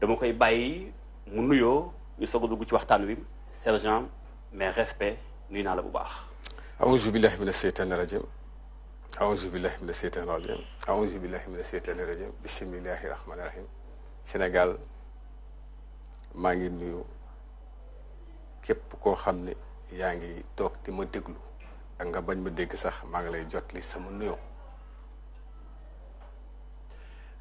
dama koy bàyyi mu nuyoo ñu soog a dugg ci waxtaan wi sergent mais respect nuyu naa la bu baax aouzu billahi mina ne rajim aouzu billahi mina seytaani rajim aouzu billahi mina seytaani rajim bismillahi rahmani rahim Sénégal maa ngi nuyu képp koo xam ni yaa ngi toog di ma déglu ak nga bañ ma dégg sax maa ngi lay jot li sama nuyoo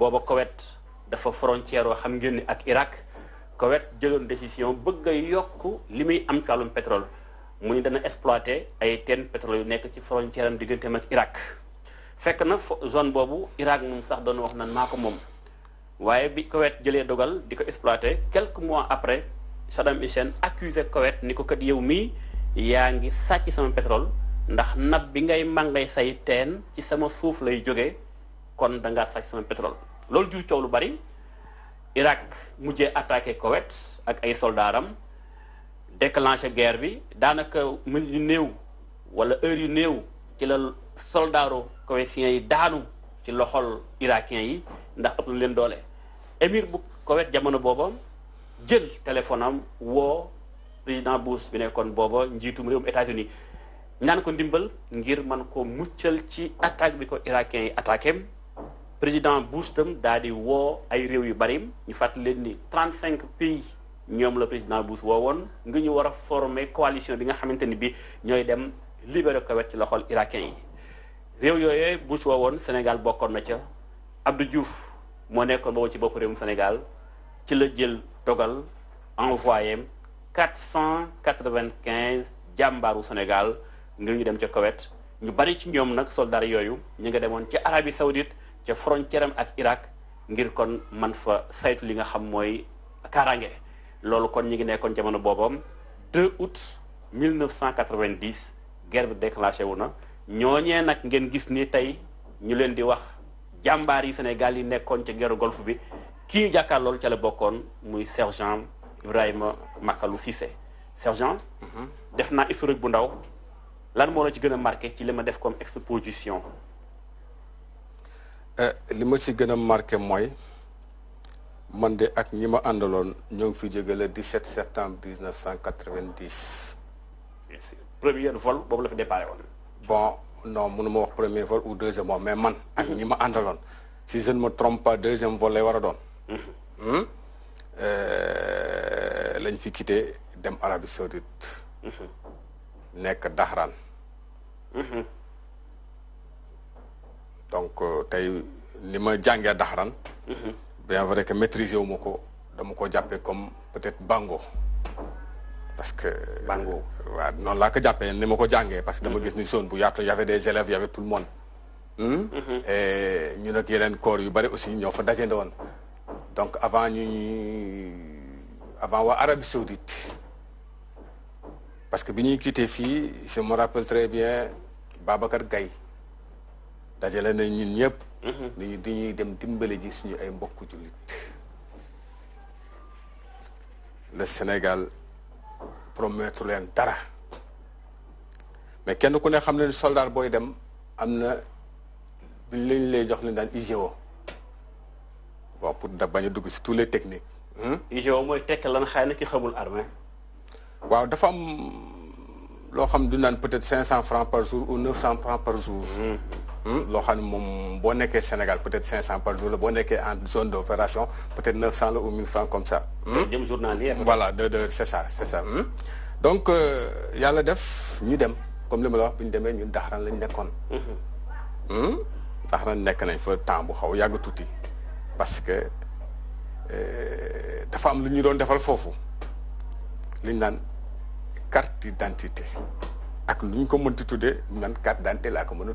booba Koweït dafa frontière oo xam ngeen ak Irak Koweït jëloon décision bëgg a yokk li muy am ci pétrole mu ni dana exploité ay teen pétrole yu nekk ci frontière am digganteem ak Irak fekk na zone boobu Irak moom sax doon wax nan maa ko moom waaye bi Koweït jëlee dogal di ko exploité quelque mois après Saddam Hussein accusé Koweït ni ko kat yow mii yaa ngi sàcc sama pétrole ndax nab bi ngay màngay say teen ci sama suuf lay jóge kon da ngaa sàcc sama pétrole loolu jur coow lu bari Irak mujjee attaque Koweït ak ay soldaaram déclenché guerre bi daanaka minute néew wala heure yu néew ci la soldaaru koweïtien yi daanu ci loxol irakien yi ndax ëpp na leen doole émir bu Koweït jamono booba jël téléphone am woo président Bush bi nekkoon booba njiitum réewum États-Unis ñaan ko ndimbal ngir man ko muccal ci attaque bi ko irakien yi attaqué président Bush tam daal di woo ay réew yu bari ñu fàttali leen trent 35 pays ñoom la président Bush woo woon nga ñu war a former coalition bi nga xamante ni bi ñooy dem libéré Koweït ci loxol irakien yi réew yooyee Bush woo woon Sénégal bokkoon na ca Abdou Diouf moo nekkoon boobu ci bopp mu Sénégal ci la jël dogal envoyé 495 jàmbaaru Sénégal ngir ñu dem ca Koweït ñu bari ci ñoom nag soldats yooyu ñu nga demoon ci Arabie Saoudite ca frontière ak Irak ngir kon man fa saytu li nga xam mooy kaaraange loolu kon ñu ngi nekkoon jamono boobam 2 août 1990 guerre bi déclenché wu na ñooñee nag ngeen gis ni tey ñu leen di wax jàmbaar yi Sénégal yi nekkoon ca guerre golf bi kii ñu jàkkaar loolu ca la bokkoon muy sergent Ibrahima Makalu Cissé sergent mhm. def naa historique bu ndaw lan moo la ci gën a marqué ci li ma def comme exposition Eh, li ma si gën a mooy man de ak ñi ma àndaloon ñoo ngi fi jóge le 17 septembre 1990. bien sûr premier vol boobu la fi déparé woon. bon non mënu ma wax premier vol ou deuxième vol mais man. ak mm-hmm. ñi ma àndaloon si je ma me trompe deuxième vol lay war a doon. Mm-hmm. Hmm? Eh, lañ fi quitté dem Arabie Saoudite. Mm-hmm. nekk Dahran. donc euh, tay li jangé dakhran mhm. bien vrai que maîtriser wu dama ko jappé comme peut-être bango parce que bango waaw noonu laa ko jàppee ni ko jangé parce que dama mhm. gis ni zone bu il y avait des élèves il y avait tout le monde hmm? mhm. et ñu nag yeneen corps yu bari aussi ñoo fa dajee woon donc avant ñu avant waa Arabie Saoudite parce que bi ñuy quitté fii je me rappelle très bien Babacar Gaye dajale nañ ñun ñëpp. Mm-hmm. ni ñu di ñuy dem dimbale ji suñu ay mbokku jullit. le Sénégal promettre leen dara mais kenn ku ne xam ne soldat booy dem am na liñ lay jox li daan IGO bon pour da bañ a dugg si tous les techniques. Hmm? IGO mooy tekk lan xëy na ki xamul armée. waaw dafa am loo xam du naan peut-être 500 francs par jour ou 900 francs par jour. Mm-hmm. Hmm? loo xam ne Sénégal peut-être 500 par jour le boo nekkee en zone d'opération peut-être 900 ou 1000 francs comme ça. Hmm? jëm journalier. voilà de heures, c'est ça c'est ça. Hmm? donc euh, yàlla def ñu dem comme li ma la wax bu ñu demee ñun daxaran lañ nekkoon. daxaran nekk nañ fa temps bu xaw yàgg tuuti parce que euh, dafa am lu ñu doon defal foofu li carte d'identité ak lu comme ko mënti tuddee ñu carte d'identité laa ko mën a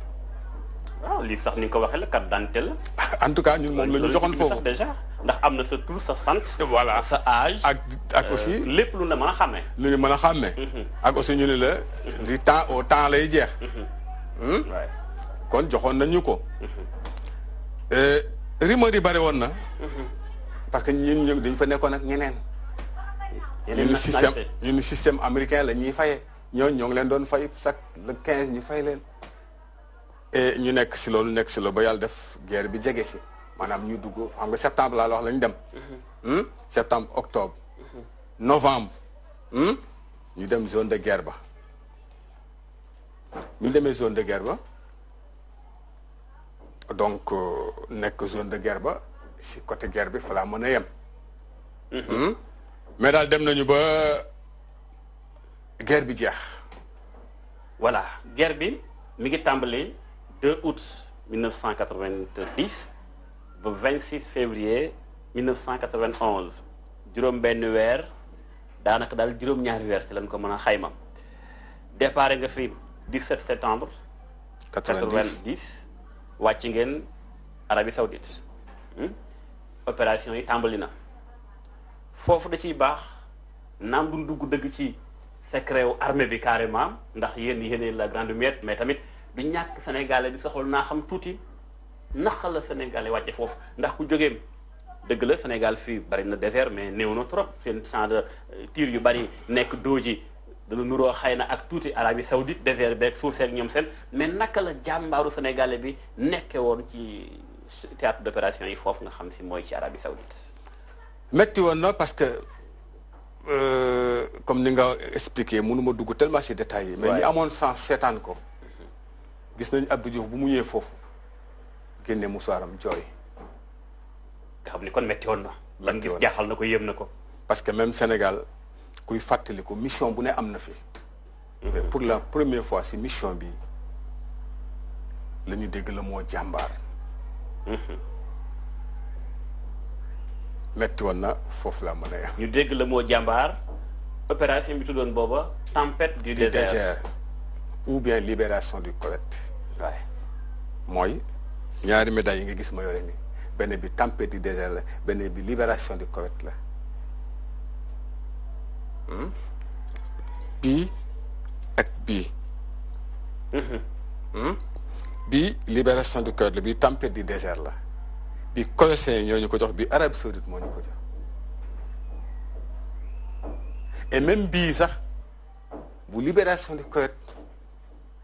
waaw lii sax ni ko waxee la carte d'identité la. en tout cas ñun moom la ñu joxoon foofu sax ndax am na sa tur sa wala voilà sa âge. ak ak euh, aussi lépp lu ne mën a xàmmee. lu ne mën a xàmmee. Mhm. ak aussi ñu la. Mhm. di temps au temps lay jeex. Mhm. Hmm? kon joxoon nañu ko. Euh, rumeur yi bari woon na. parce que ñun ñu dañu fa nekkoon ak ñeneen. ñun système ñun système américain la ñuy fayee ñooñu ñoo ngi leen doon fay chaque le quinze ñu fay leen. et ñu nekk si le nekk si loolu ba yàlla def guerre bi jege si ñu dugg septembre à la wax dem. Mhm. Hmm? septembre octobre. Mhm. novembre. Hmm? ñu dem zone de guerre ba. ñu demee zone de guerre ba donc que euh, zone de guerre ba c'est côté guerre bi fa laa mhm. hmm? mais daal dem nañu ba guerre bi voilà guerre bi mi ngi tàmbali. 2 août 1990 ba 26 février 1991 juróom benn weer daanaka daal juróom-ñaari weer ci lañ ko mën a xayma départ nga fi 17 septembre 90 wàcc ngeen Arabie Saoudite hmm? opération yi tàmbali na foofu da ciy baax naam duñ dugg dëgg ci secret armée bi carrément ndax yéen la grande muette mais tamit du ñàkk sénégalais bi saxul naa xam tuuti naka la sénégalais wàcce foofu ndax ku jógeem dëgg la Sénégal fii bari na désert mais néew na trop seen champ de tir yu bari nekk dooji dana nuroo xëy na ak tuuti Arabie Saoudite désert beeg suuf seeg ñoom seen mais naka la jàmbaaru sénégalais bi nekke woon ci théâtre d'opération yi foofu nga xam si mooy ci Arabie Saoudite metti woon na parce que comme ni nga expliqué mënu ma dugg tellement si détails yi mais ñi amoon sens seetaan ko gis nañ Abdou Diouf bu mu ñëwee foofu génne musaaram joy nga xam kon métti woon na. lan gis jaaxal na ko yëm na ko. parce que même Sénégal kuy fàttaliku mission bu ne am na fi. Mhm. mais pour la première fois si mission bi la ñu dégg la moo jàmbaar. Mhm. metti woon na foofu laa mën a ñu dégg la moo jàmbaar opération bi tuddoon booba. tempête du désert ou bien libération du Koweït. Oui. Moi, ñaari médailles yi nga gis ma tempête désert la libération du la libération la tempête du désert la bi ko jox bi et même bizarre, sax libération du cœur.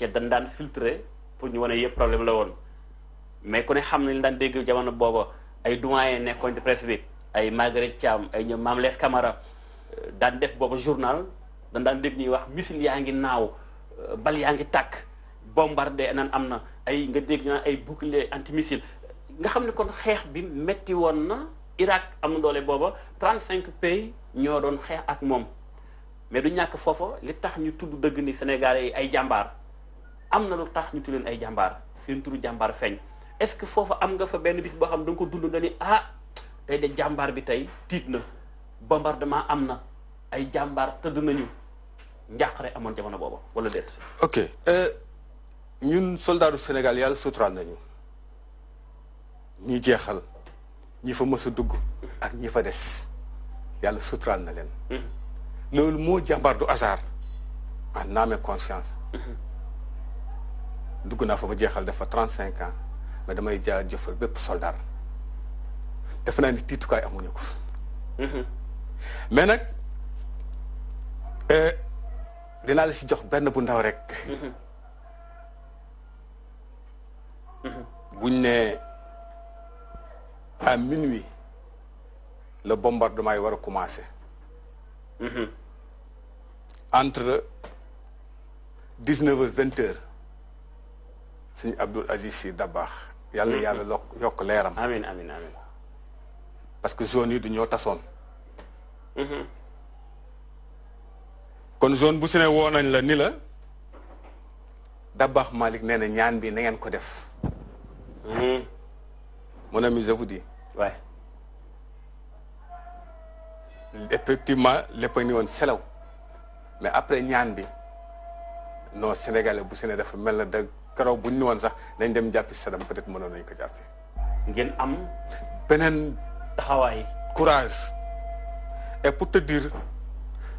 ce dañ daan filtrer pour ñu wane yëpp problème la woon mais ku ne xam ne daan dégg jamono booba ay doyen nekkoon ci presse bi ay Margaret Thiam ay ñoom Mame Less Camara euh, daan def booba journal dañ daan dégg ñuy wax missile yaa ngi naaw euh, bal yaa ngi tàkk bombardé naan am na ay nga dégg ñu ay bouclier anti missile nga xam ne kon xeex bi métti woon na Irak am na booba trent cinq pays ñoo doon xeex ak moom mais du ñàkk foofa li tax ñu tudd dëgg ni Sénégalais ay jàmbaar am na lu tax ñu tudd leen ay jàmbaar seen turu jàmbaar feeñ est-ce que foofu am nga fa benn bis boo xam da nga ko dund nga ni ah tey de jàmbaar bi tey tiit na bombardement am na ay jàmbaar tëdd nañu njàqare amoon jamono booba wala déet. ok euh, ñun soldaaru Sénégal yàlla suturaal nañu ñi jeexal ñi fa mës a dugg ak ñi fa des yàlla suturaal na leen. Mm-hmm. loolu moo jàmbaar du hasard en âme et conscience. Mm-hmm. dugg naa fa ba jeexal dafa trent cinq ans mais damay jaa jëfal bépp soldat def naa ni tiitukaay amuñu ko mhm. mais nag eh, dinaa la si jox benn bu ndaw rek mhm. Mhm. buñ ne à minuit le bombardement yi war a commencer entre dix-neuf heures vingt Abdul Aziz si a yalla le parce que zone yi du ñoo hmm kon zone bu sene la ni la Dabakh Malik ni ñaan bi na mm-hmm. mon ami je vous dis ouais effectivement les pays mais après ñaan bi non sénégalais bu karaw buñ ñu won sax nañ dem jàppi sadam peut être mënon nañ ko jàppi ngeen am benen taxaway courage et pour te dire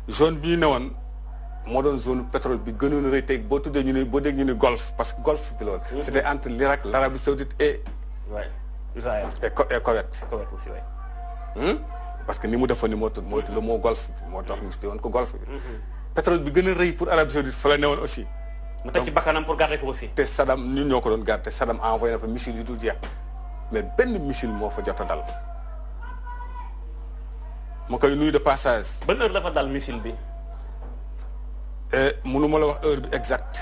zone bi ñu mo doon zone pétrole bi gënoon reuy tek bo tuddee ñu ne bo dégg ñu ne golf parce que golf bi lool mhm. c'était entre l'Irak l'Arabie Saoudite et ouais Israël et Koweït Koweït aussi ouais hmm parce que ni mu defo ni mo tudd mo le mot golf mo tax mhm. ñu ci won ko golf bi mhm. pétrole bi gën reuy pour Arabie Saoudite fa la ne aussi Nous avons pour garder aussi. Saddam a envoyé un missile du Doudia. Mais il missile qui a fait Je suis une nuit de passage. Quelle heure le missile Je ne sais exacte,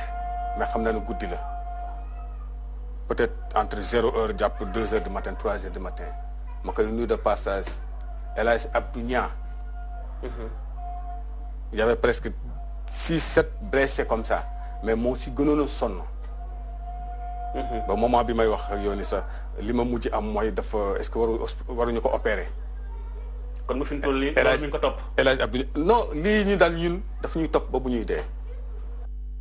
mais je sais que c'est Peut-être entre 0h, 2h du matin, 3h du matin. Je suis une nuit de passage. Elle a Abdounia. Mhm. Il y avait presque 6-7 blessés comme ça. mais moo si gënoon sonn. Mhm. ba moment bi may wax ak yow ni sax li ma mujj am mooy dafa est-ce que waru waruñu ko opérer. kon mu fi mu toll nii loolu ko topp. El Hadj Abdou lii ñu daal ñun daf ñuy topp ba bu ñuy dee.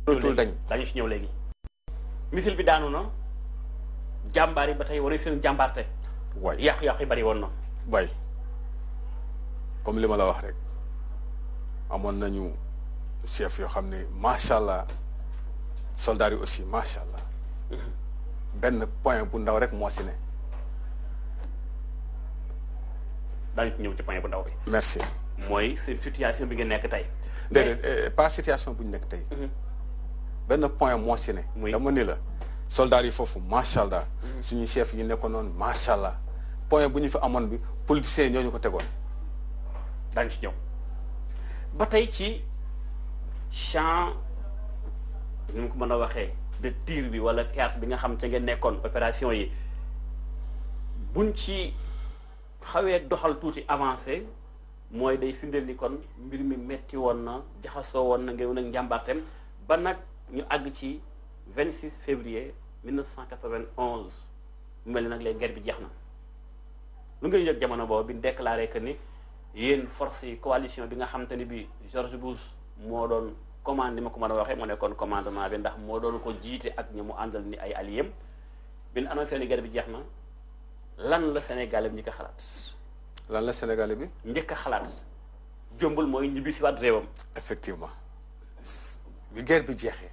loolu dañ dañu si ñëw léegi. misil bi daanu na jàmbaar yi ba tey wala seen jàmbaarte. waay yàq-yàq yi bari woon na. waay comme li ma la wax rek amoon nañu chef yoo xam ne macha allah. soldats aussi machallah. Ben point bu ndaw rek moo si ne. ci ñëw ci point bu ndaw bi. merci. une situation bi nga nek tay. déedéet eh, eh, pas situation bu nek tay. Mhm. Ben point moi si dama ni la soldats yi foofu macha mhm. suñu chef yi nekkoon non machallah. point buñu fi amone bi politiciens ñoo ñu ko tegoon. daañu ci ñëw ba tay ci champ. ñu ko mën a waxee de tir bi wala théâtre bi nga xam ca ngeen nekkoon opération yi buñ ci xawee doxal tuuti avancé mooy day firndeel ni kon mbir mi metti woon na jaxasoo woon na ngay nag njàmbaarteem ba nag ñu àgg ci 26 février 1991 mu mel nag leen guerre bi jeex na lu ngay yëg jamono boobu bi déclaré que ni yéen force yi coalition bi nga xam te ni bi George Bush moo doon commande ni ma ko mën a waxee mu nekkoon commandement bi ndax mo doon ko jité ak ñamu àndal ni ay alliés bin ñu annoncé ni bi jeexna lan la Sénégal bi ñika xalat lan la Sénégal bi. ñika xalat jombul moy ñibi ci wat rewam effectivement bi guerre bi jeexé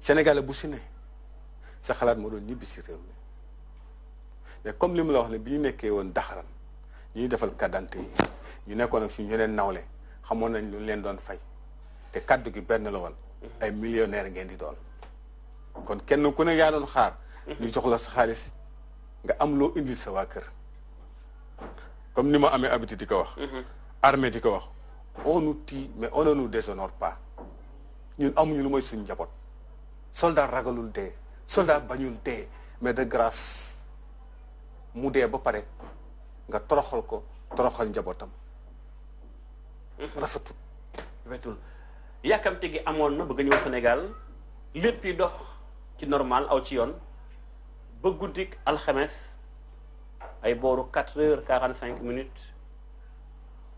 Sénégal bu ci ne sa xalat mo doon ñibi ci réew mi mais comme limu la wax ne bi ñu nekké won daxaran ñu defal kadante ñu nekkoon ak suñu yeneen nawle xamoon nañ lu leen doon fay. te kaddu gi benn la woon. ay millionaire ngeen di doon. kon kenn ku ne yaa doon xaar. ñu jox la sa xaalis nga am loo indil sa waa kër. comme ni ma amee habitude di ko wax. Mm-hmm. armée di ko wax. on nous mais on ne nous déshonore pas ñun amuñu lu mooy suñ njaboot. soldat ragalul dee. soldat bañul dee. mais de grâce mu dee ba pare nga toroxal ko toroxal njabootam. Mm-hmm. rafetul. yàkkamte gi amoon na bëgg a ñëw Sénégal lépp yi dox ci normal aw ci yoon ba guddik alxames ay booru quatre heures quarante cinq minutes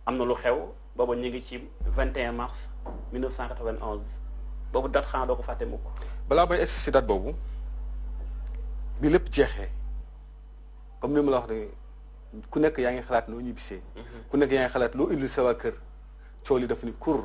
am na lu xew booba ñu ngi ci 21 mars 1991 boobu date xanaa doo ko fàtte mukk balaa may egsi boobu bi lépp jeexee comme ni mu la wax ne ku nekk yaa ngi xalaat noo ñibbisee mm-hmm. ku nekk yaa ngi xalaat loo indil sa kër coow yi daf ni kur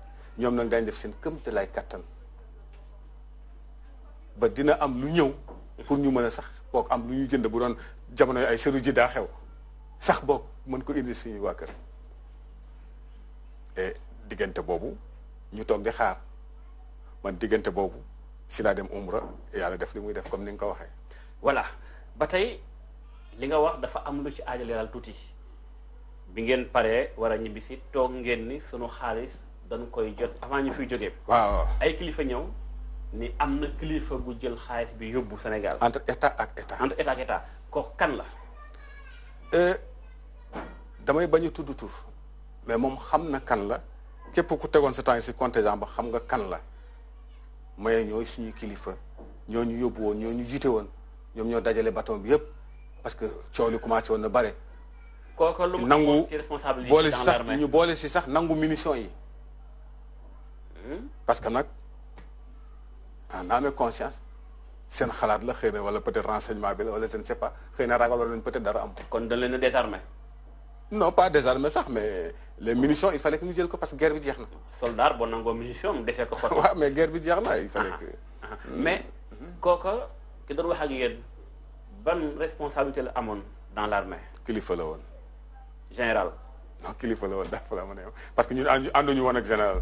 ñoom nag dañ def seen këmte lay kàttan ba dina am lu ñëw pour ñu mën a sax boog am lu ñu jënd bu doon jamono ay seru daa xew sax book mën ko indi si waa kër diggante boobu ñu toog di xaar man diggante boobu si laa dem umra yàlla def li muy def comme ni nga ko waxee voilà ba tey li nga wax dafa am lu ci aajal leeral tuuti bi ngeen paree war a ñibbisi toog ngeen ni sunu xaalis dañ koy jot avant ñu fiy jógee. waaw ay kilifa ñëw ni am na kilifa gu jël xaalis bi yóbbu Sénégal. entre état ak état. entre état ak état kooku kan la. Euh, damay bañ a tudd tur mais moom xam na kan la képp ku tegoon sa temps yi si contingent ba xam nga kan la maye ñooy suñu kilifa ñoo ñu yóbbu woon ñoo ñu jiite woon ñoom ñoo dajale bâton bi yëpp parce que coow commencé woon na bare. kooku lu nangu boole si sax ñu boole si sax nangu munitions yi parce qu'on a un âme et conscience c'est un la xëy na wala peut-être renseignement je ne sais pas xëy na le peut-être dara am. kon dañ non pas des ça mais les munitions il fallait que nous disions que parce que guerre bi jeex na. soldat boo munitions, munitions mu defee ko. mais guerre bi jeex il fallait que. Ah, ah, ah. mais kooka ki doit nous ak ban responsabilité la dans l'armée. kilifa faut général. non qui la woon dafa la mën parce que ñun ànduñu woon ak général.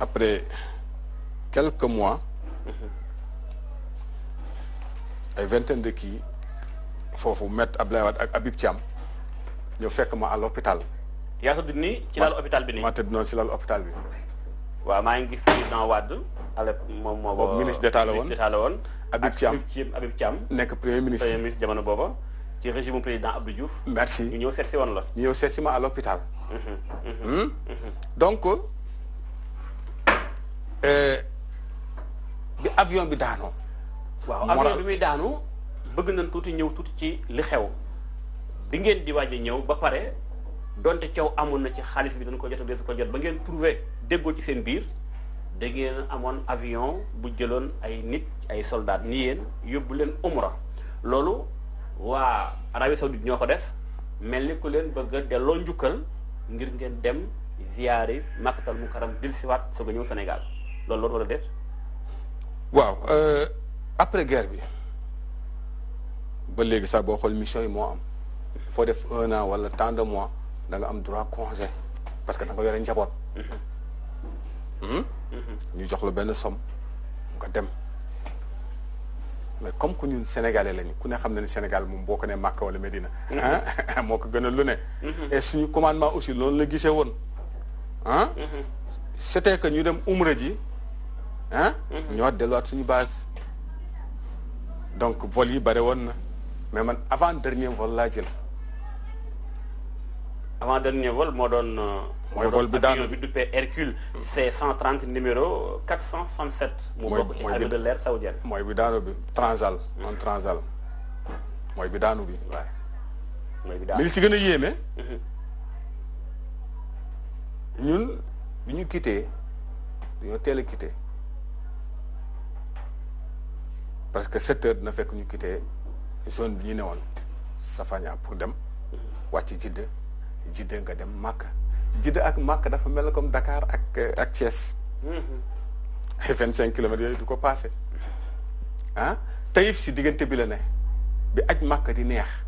après quelques mois ay vingtaine de qui vous vous mettre à ak Habib à Nous fekk à l'hôpital il de ci Je bi ma ministre d'état la ministre à premier ministre premier ministre régime président Abdou merci Nous ñëw à l'hôpital mhm, mhm. Hmm? donc Eh, bi avion bi daanoo. waaw avion bi muy daanu bëgg nañ tuuti ñëw tuuti ci li xew. bi ngeen di waaj ñëw ba pare donte coow amoon na ci xaalis bi dañ ko jot a ko jot ba ngeen trouvé déggoo ci seen biir da ngeen amoon avion bu jëloon ay nit ay soldat ni yéen yóbbu leen umra loolu waa Arabie Saoudite ñoo ko def mel ni ku leen bëgg a delloo njukkal ngir ngeen dem ziyaari Makkatal Mukarram dil siwaat soog a ñëw Sénégal loolu euh, après guerre bi ba mission yi que am un an tant de mois da nga am parce que da nga un njaboot Nous hmm? mm-hmm. jox la benn somme nga dem mais comme nous sénégalais lañu ku ne xam Sénégal est mm-hmm. ah, ne wala mm-hmm. Medina. et ko gën aussi l'on la ah. c'était que nous sommes hein mhm. ñoo sur suñu base donc vol yi bare mais man avant dernier vol la jël avant dernier vol mo doon euh, moy vol bi bi Hercule c'est 130 numéro 467 cent soixante de l'air saoudienne bi bi Transal non Transal bi mais si vous mhm. ñun bi quitté télé quitté parce que sept heures dina fekk ñu quitté zone bi ñu newoon Safaña pour dem wàcc Jidda Jidda nga dem Màkk Jidda ak Màkk dafa mel comme Dakar ak ak Thiès. Mhm. vingt cinq kilomètres yooyu du ko passé ah si diggante bi la ne bi aj Màkk di neex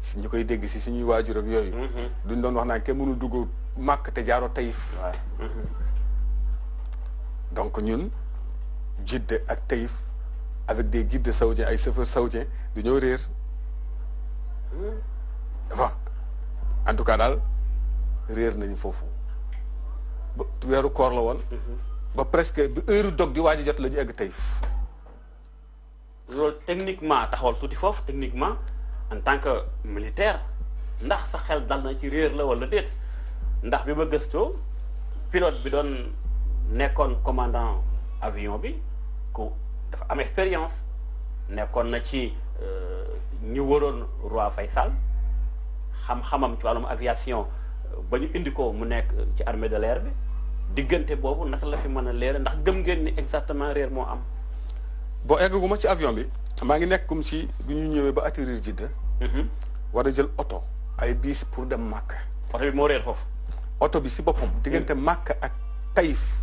si ñu koy dégg si suñuy waajur ak yooyu. Mhm. duñ doon wax naa kenn mënu dugg Màkk te jaaroo Taïf. Mhm. donc ñun Jidda ak Taïf. avec des guides saoudiens ay chauffeurs saoudiens du ñëw réer waaw en tout cas daal réer nañu foofu ba weeru koor la woon ba presque bi heure dog di waaj jot la ñu egg Taïf loolu techniquement taxawal tuuti foofu techniquement en tant que militaire ndax sa xel dal na ci réer la wala déet ndax bi ma gëstoo pilote bi n'est nekkoon commandant avion bi dafa am expérience nekkoon na ci euh, ñu waroon Roi Faye xam-xamam ci wàllum aviation euh, ba ñu indi ko mu nekk ci armée de l'air bi diggante boobu naka la fi mën a leer ndax gëm ngeen ni exactement réer moo am. bon ma ci avion bi maa ngi nekk comme si bu ñu ñëwee ba atterrir Jidda. Mhm. war a jël oto ay biis pour dem Màkk. oto bi moo réer foofu. oto bi si boppam diggante mhm. Màkk ak Taïf.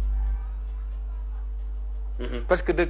Mhm. parce que de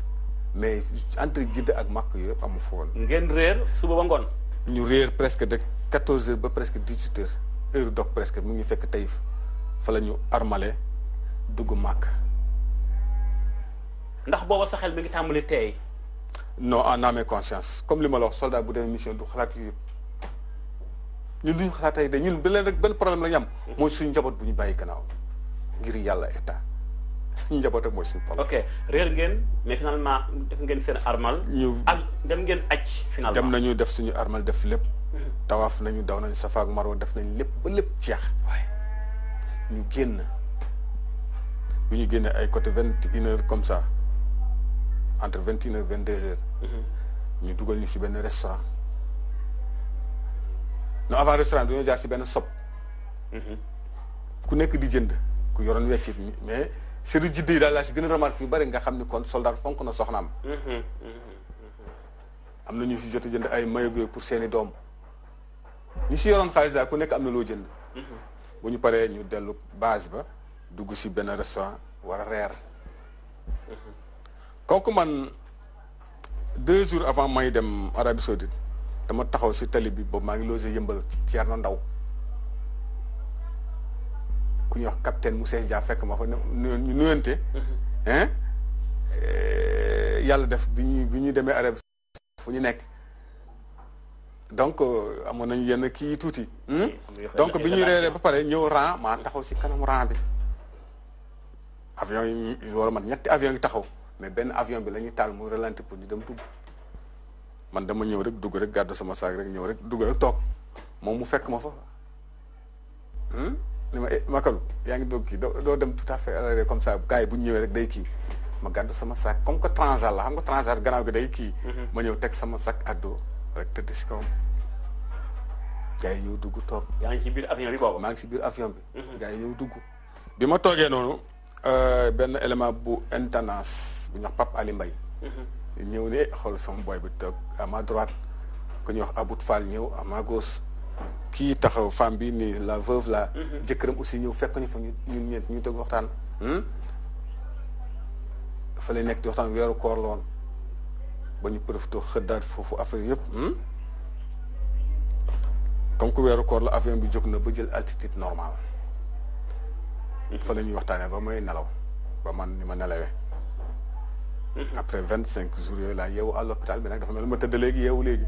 mais entre Jidda ak Makka yëpp amu fa ngeen réer suba ba ngoon. ñu réer presque de quatorze heures ba presque dix-huit heures heure dog presque mu ñu fekk Taïf fa la ñu armale dugg Makka. ndax booba sa xel mi ngi tàmbali teey. non en âme et conscience comme li ma la wax soldat bu dee mission du xalaat yëpp ñun duñu xalaat tey de ñun benn rek benn problème la ñu am. Mm-hmm. mooy suñu njaboot bu ñu bàyyi gannaaw ngir yàlla état. suñu njaboot ak mooy suñu papa. ok réer ngeen mais finalement def ngeen seen armal. ñu ak dem ngeen aj finalement dem nañu def suñu armal def lépp. Mhm. tawaaf nañu daw nañu safa ak marwa def nañ lépp ba lépp jeex. ñu génn bu ñu génnee ay côté vingt une heure comme ça entre vingt une heure vingt deux heures. Mhm. ñu dugal ñu si benn restaurant. non avant restaurant dañoo jaar si benn sob mhm. ku nekk di jënd ku yoroon weccit mais. sëriñ jidde daal laa si gën a remarque yu bari nga xam ni kon soldat fonk na soxnaam. am na ñu si jot a jënd ay maillot pour seeni doom ñi si yoroon xaalis ku nekk am na loo jënd. bu ñu paree ñu dellu base ba dugg si benn restaurant war a reer. kooku man deux jours avant may dem Arabie Saoudite dama taxaw si tali bi boobu maa ngi logé yëmbal ci Thierno Ndaw. ku ñuy wax capitaine Moussa Dia fekk ma fa ñu nuyante mhm. hein eh, yàlla def bi ñu bi ñu demee arab fu ñu nekk donc euh, amoon nañu yenn kii tuuti hmm? donc bi ñu reeree ba pare ñëw rang maa taxaw si kanam rang bi avion yi war a mat ñetti avion yi taxaw mais benn avion bi la ñuy taal mu ralenti pour ñu dem dugg man dama ñëw rek dugg rek gàddu sama saag rek ñëw rek dugg rek toog moom mu fekk ma fa hmm? ne ma eh Makalu yaa ngi doog kii doo dem tout à fait à euh, comme ça gars bu ñu ñëwee rek day kii ma gàddu sama sac comme que transat la xam nga transat gannaaw gi day kii. Mhm. ma ñëw teg sama sac àddoo rek tëdd si kawam. ñëw dugg toog. yaa ngi ci biir avion bi boobu. maa ngi ci biir avion bi. Mhm. gars yi ñëw dugg. bi ma toogee noonu euh, benn élément bu intenance bu ñu wax Pape Ali mhm. ñëw ne eh, xool sama boy bi toog à droite ku ñuy wax About Fall ñëw à ma kii taxaw femme bi nii la veuve la mhm. jëkkëram aussi ñëw fekk ñu fa ñu ñun ñeent ñu tëgg waxtaan hmm? fa lay nekk di waxtaan weeru koor la ba ñu profité xëddaat foofu affaire yëpp hmm? comme que weeru koor la avion bi jóg na ba jël altitude normal mhm. fa la ñuy waxtaanee ba may nelaw ba man ni ma nelawee mhm. après vingt cinq jours yooyu laa yeewu à l'hôpital bi nag dafa mel ma tëdd léegi yeewu léegi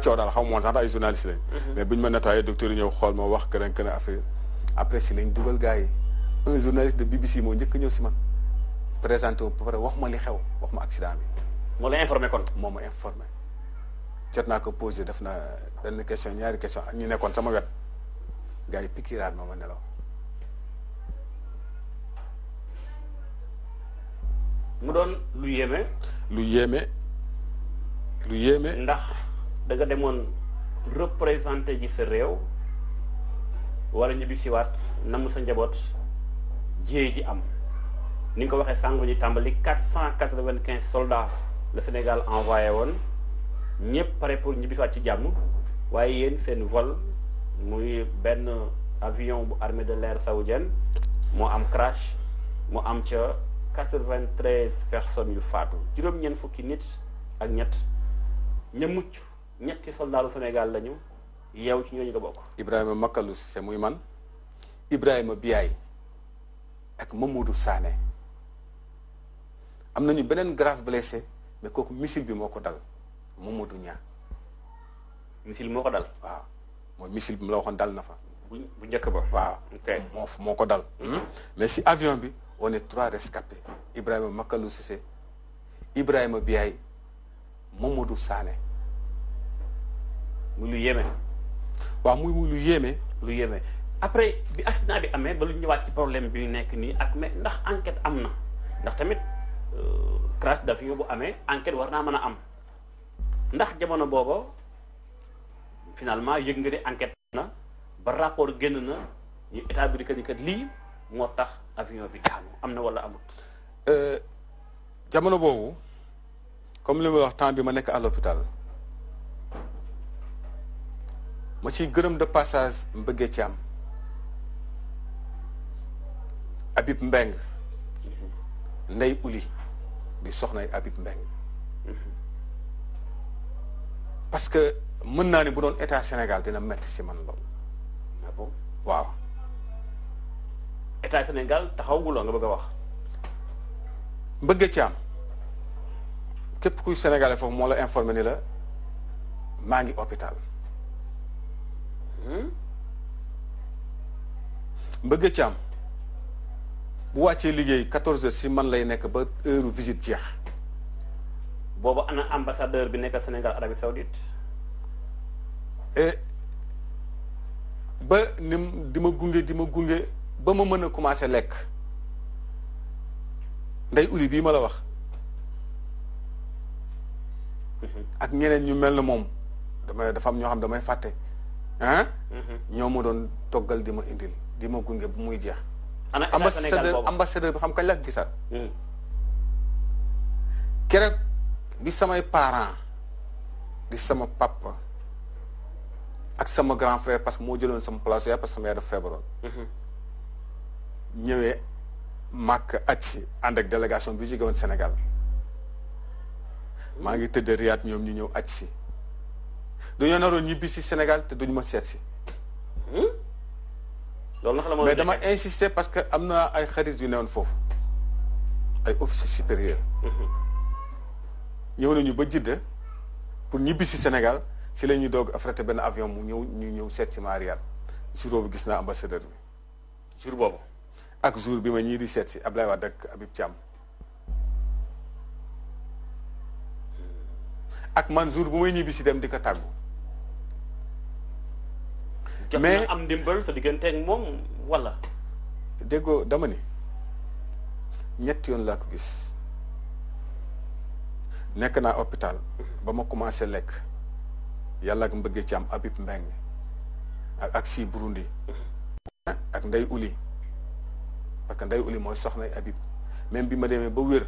coow daal xaw ma woon sax ay journaliste lañ mhm. mais bu ñu ma nettoyé docteur yi ñëw xool ma wax këran këran affaire après si lañ dugal gars yi un journaliste de BBC moo njëkk ñëw si man présenté wu ba pare wax ma li xew wax ma accident bi moo la informé kon moo ma informé naa ko posé def na benn question ñaari question ñu nekkoon sama wet gars yi pikiraat ma ma nelaw mu doon lu yéeme lu yéeme lu yéeme ndax da nga demoon représenté ji sa réew wala ñu bisiwaat namu sa njaboot jiyee ji am ni nga ko waxee sàngu ñu tàmbali soldats le Sénégal envoyé woon ñëpp pare pour ñu bisiwaat ci jàmm waaye yéen seen vol muy benn avion bu armée de l'air saoudienne moo am crash mu am ca 93 personnes yu faatu juróom-ñeent fukki nit ak ñett ña mucc ñetti soldaaru Sénégal lañu yeew ci ñooñu la bokk. Ibrahima Makalu Cissé muy man Ibrahima Biaye ak Mamadou Sané am nañu beneen grave blessé mais kooku missile bi moo ko dal Mamadou Niang. missile moo ko dal. waaw mooy missile dal na fa. bu njëkk ba waaw. moo moo ko dal. Mhm. mais si avion bi on est trois rescapés Ibrahima Makalu Cissé Ibrahima Biaye Mamadou Sané. muy lu yéeme. waaw muy muy lu yéeme. lu yéeme après bi accident bi amee ba lu ñëwaat ci problème bi nekk nii ak mais ndax enquête am na ndax tamit euh, crash d'avion bu amee enquête war naa mën a am ndax jamono booba finalement yëg nga ne enquête na ba rapport génn na ñu établir que ni lii moo tax avion bi am na wala amut. Euh, jamono boobu comme li ma wax temps bi ma nekk à l'hôpital ma ciy gërëm de passage mbëggee Thiam Habib Mbeng Ndey Uli di soxna Habib Mbeng parce que mën naa ni bu doon état Sénégal dina metti si man lool. Ah waaw. état Sénégal taxawuloo nga bëgg a wax. mbëggee Thiam képp kuy sénégalais foofu moo la informé ni la maa ngi hôpital. mbëgg caam bu wàccee liggéey quatorze heures si man lay nekk ba heure visite jeex boobu ana ambassadeur bi nekk Sénégal Arabie Saoudite eh, ba nim di ma gunge di ma gunge ba ma mën a commencé lekk ndey uli bii ma la wax mhm. ak ñeneen ñu mel na moom damay dafa am ñoo xam damay fàtte Nyomu don togal doon toggal di ma indil di ma gunge bu muy jeex ambassadeur ambassadeur bi xam kañ la gisaat mhm. keroog bi samay parents di sama papa ak sama grand frère parce que moo jëloon sama place ya parce que sama yaay dafa feebaroon mhm. ñëwee mak acci and ak délégation bi ci woon Sénégal ma ngi tëdd riyat ñom ñu ñëw acci dañoo naroon ñibbi si Sénégal te duñ ma seet si. Hmm? loolu naka la mais dama insister parce que am na ay xarit yu newoon foofu ay officiers supérieurs. Hmm. ñëw nañu ba Jidda pour ñibbi si Sénégal si la ñuy doog affrété benn avion mu ñëw ñu ñëw seet si ma Riyad jour gis naa ambassadeur bi. jour boobu. ak jour bi ma ñii di seet si Ablaye Wade ak Habib Thiam. ak man jour bu may ñibbi si dem di ko tàggu. mais am ndimbal sa diggante moom walla déggoo dama ni ñetti yoon laa ko gis nekk naa hôpital ba ma commencé lekk yàlla ak mbëggee ci am Habib mbeng ak ak si Burundi. Mm-hmm. ak Ndeye Uli parce que Ndeye Uli mooy soxna Habib même bi ma demee ba wér.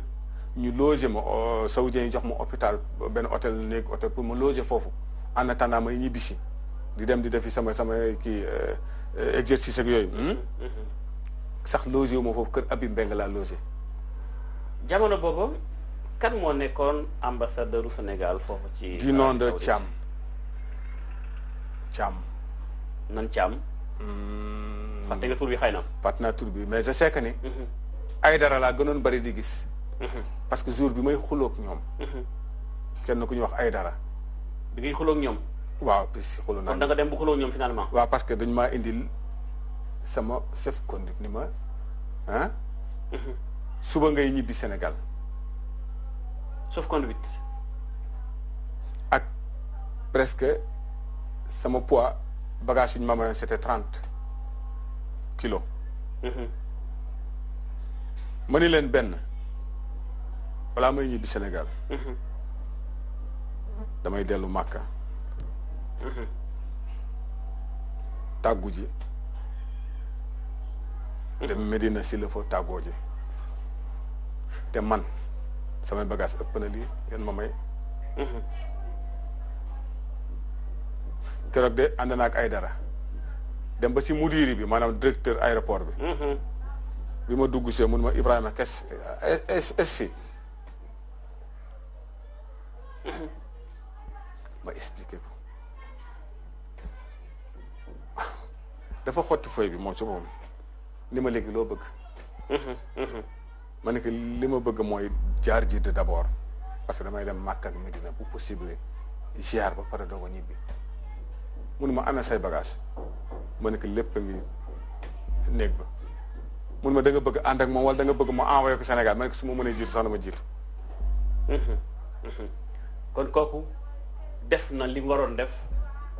ñu loger ma euh, saoudien yi jox ma hôpital benn hôtel néeg hôtel pour ma loger foofu en attendant may ñibbi si di dem di defi sama sama kii euh, exercice ak yooyu hmm? sax loger wu ma foofu kër Habib Mbengue laa loger jamono boobu kan moo nekkoon ambassadeur u Sénégal foofu ci du nom de Thiam Thiam nan Thiam hmm. fàtte nga tur bi xëy na fàtte naa tur bi mais je sais que ni mm-hmm. ay dara laa gënoon bari di gis Mhm. parce que jour bi may xuloog ñoom. Mhm. kenn ku ñu wax ay dara. bi ngay xuloog ñom waaw bis xuloo naa. da nga dem bu xuloo ñom finalement. waaw parce que dañ ma indi sama chef conduite ni ma ah. suba ngay ñibi senegal chef conduite. ak presque sama poids bagage yu ñu ma c'était 30 kilos. ma ni ben bala may ñibbi Sénégal mhm. damay makka hmm tàggu ji dem mhm. Medina si le fo tàggoo ji té man sama bagage ëpp na li ngeen ma may mhm. keroog de ànd naa ak ay dara dem ba ci mudiri bi manam directeur aéroport bi hmm dugu dugg see mun Ibrahima kes SSC. ma expliqué ko dafa xotti fooy bi moom ci moom ni ma léegi loo bëgg ma ne que li ma bëgg mooy jaar jiite d'abord parce que damay dem Màkka ak Medina bu possible ziar ba pare doo ko ñibbi mun ma ana say bagage ma ne que lépp a ngi néeg ba mun ma da nga bëgg ànd ak moom wala da nga bëgg mu envoyé ko Sénégal ma ne que su ma mënee jiitu sax ma jiitu kon kooku def na li waroon def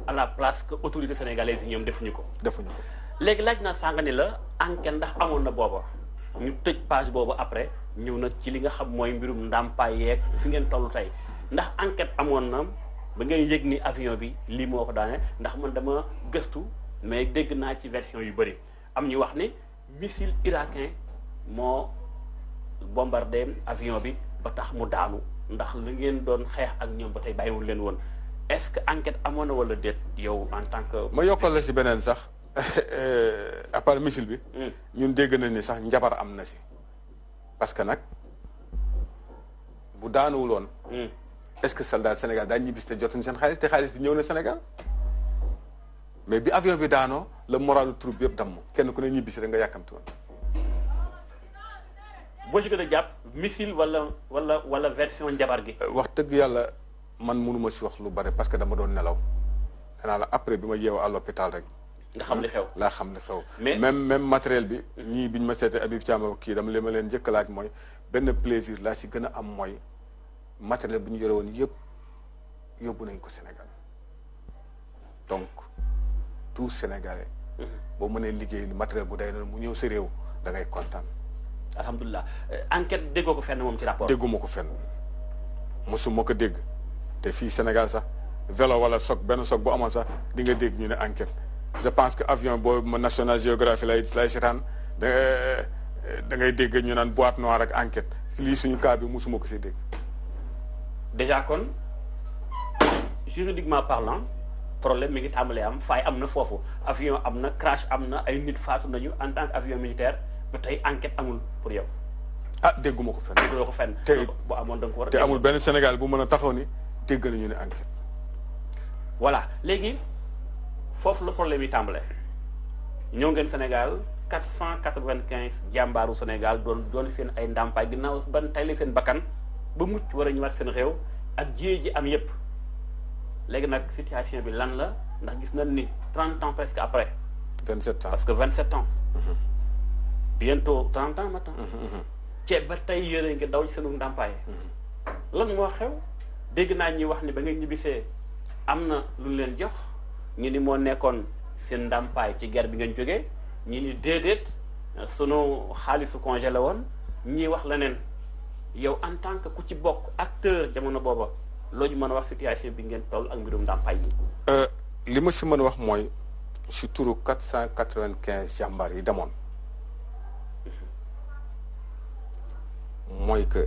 à la place que autorité sénégalaise yi ñoom defuñu ko. defuñu ko léegi laaj naa sànq ni la enquête ndax amoon na booba ñu tëj page boobu après ñëw na ci li nga xam mooy mbirum ndàmpaay yeeg fi ngeen toll tey ndax enquête amoon na ba ngeen yëg ni avion bi lii moo ko daane ndax man dama gëstu mais dégg naa ci version yu bëri am ñu wax ni missile irakien moo bombardé avion bi ba tax mu daanu. ndax la ngeen doon xeex ak ñoom ba tey bàyyiwul leen woon est-ce que enquête amoon na wala déet yow en tant que. ma yokkal la si beneen sax à part missile bi. Hmm. ñun dégg nañ ni sax njabar am na si. parce que nag bu daanuwul woon. Hmm. est-ce que soldat Sénégal daañu ñibbisi te jotuñu seen xaalis te xaalis bi ñëw na Sénégal. mais bi avion bi daanoo la moral troupe yëpp damm kenn ku ne ñibbisi rek nga yàkkamti woon. boo ci gën a jàpp missile wala wala wala version njabar gi. Euh, wax dëgg yàlla man mënuma si wax lu bare parce que dama doon nelaw xanaa la après bi ma yeewoo à l'hôpital rek. nga xam li xew laa xam li xew. même même matériel bi. Mm. ñii bi ñu ma seetee Habib Thiam kii dama li mooy benn plaisir laa si gën a am mooy matériel bi ñu yore woon yëpp yóbbu nañ ko Sénégal donc tout Sénégalais. Mm-hmm. boo mënee liggéey matériel bu day mu ñëw sa réew da ngay kontaan. alhamdulilah euh, enquête déggoo ko fenn moom ci rapport dégguma ko fenn mosuma ko dégg te fii Sénégal sax vélo wala soc benn soc bu amoon sax di dégg ñu ne enquête je pense que avion boo National Geographic lay lay seetaan da euh, da dégg ñu naan boîte noire ak enquête lii suñu cas bi mosuma ko see dégg déjà kon juridiquement parlant problème mi ngi tàmbalee am faay am na foofu avion am na crash am na ay nit faatu nañu en tant que avion militaire tey enquete amul pour yow. ah dégguma ko fenn. dégguma ko fenn te bu amoon da ko war a. amul benn Sénégal bu mën a taxaw ni dégg nañu ne enquête. voilà léegi foofu la problème yi tàmbalee ñëw ngeen Sénégal quatre cent quatre vingt jàmbaaru Sénégal doon doon seen ay ndàmpaay ginnaaw ban tey la seen bakkan ba mucc war a ñëwaat seen réew ak jiyee ji am yépp léegi nag situation bi lan la ndax gis nañ ni trente ans presque après. vingt sept ans parce que vingt sept ans. Mhm. bientôt tam tam mata ci ba tay yere ngi daw ci sunu ndampay lan mo xew deg na ñi wax ni ba ngeen ñibise amna lu leen jox ñi ni mo nekkon ci ndampay ci guerre bi ngeen joge ñi ni dedet sunu xaalisu congelé won ñi wax leneen yow en tant que ku ci bok acteur jamono bobo loo mën wax situation bi ngeen toll ak mbirum ndàmpaay yi li ma si mën wax moy ci turu 495 jambar yi demone moy que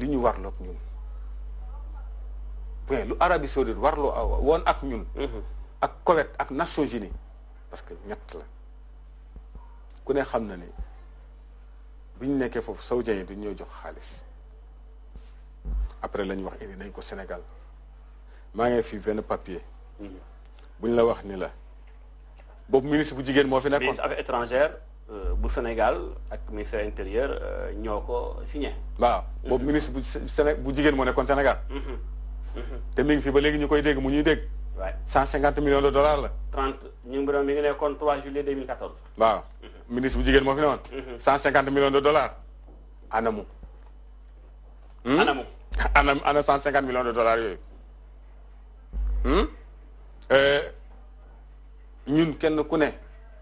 li ñu warloo ak ñun bien lu Arabie Saoudite warloo woon ak ñun mhm. ak Koweït ak Nations Unies parce que ñett la ku ne xam na ni bu ñu nekkee foofu saoudiens yi duñ ñoo jox xaalis après la wax indi nañ ko Sénégal maa ngi fi benn papier mhm. buñ la wax ni la boobu ministre bu jigéen moo fi nekkoon affaires étrangères Euh, bu Sénégal ak ministère intérieur euh, ñoo ko signé. waaw boobu mm-hmm. ministre bu Séné bu jigéen moo nekkoon Sénégal. Mm-hmm. Mm-hmm. te mi ngi fi ba léegi ñu koy dégg mu ñuy dégg. waay de dollars la. trente ñu ngi bu jigéen moo fi ne woon. cent cinquante millions de dollars. anamu. Hmm? anamu. anam ana cent cinquante millions de dollars yooyu. Hmm? Euh, ñun kenn ku ne.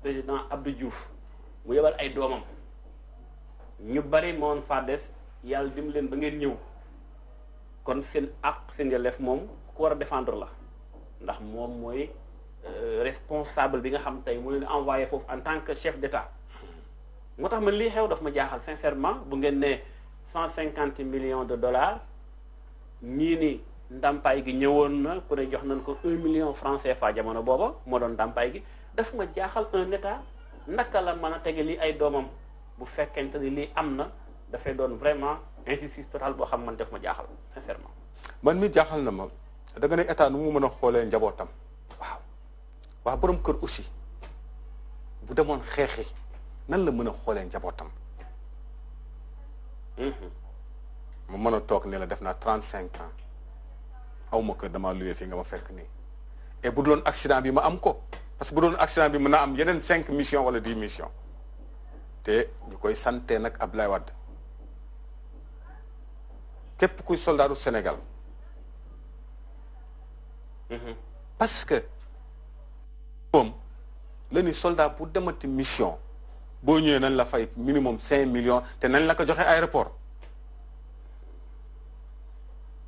président Abdou Diouf mu yebal ay doomam ñu bari moon faa des yàlla dim leen ba ngeen ñëw kon seen àq seen yelleef moom ku war a défendre la ndax moom mooy euh, responsable bi nga xam tey mu leen envoyé foofu en tant que chef d'état moo tax man lii xew daf ma jaaxal sincèrement bu ngeen ne cent cinquante million de dollars ñii ni ndàmpaay gi ñëwoon na ku ne jox nañ ko un million francais CFA jamono booba moo doon ndàmpaay gi def ma jaaxal un état naka la mën a tege lii ay doomam bu fekkente ni lii am na dafay doon vraiment injustice totale boo xam man def ma jaaxal sincèrement. man mi jaaxal na ma da nga ne état nu mu mën a xoolee njabootam. waaw borom kër aussi bu demoon xeexi nan la mën a xoolee njabootam. Mhm. mu mën a toog ne la def naa trente cinq ans aw ma kër damaa luyee fii nga ma fekk nii et bu duloon accident bi ma am ko. parce que bon accident bi meuna am yenen 5 missions wala 10 missions té ñukoy santé nak ablay wad képp kuy soldat du sénégal mhm. parce que bon lañu soldat pour demati mission bo ñëw nañ la fay minimum 5 millions té nañ la ko joxé aéroport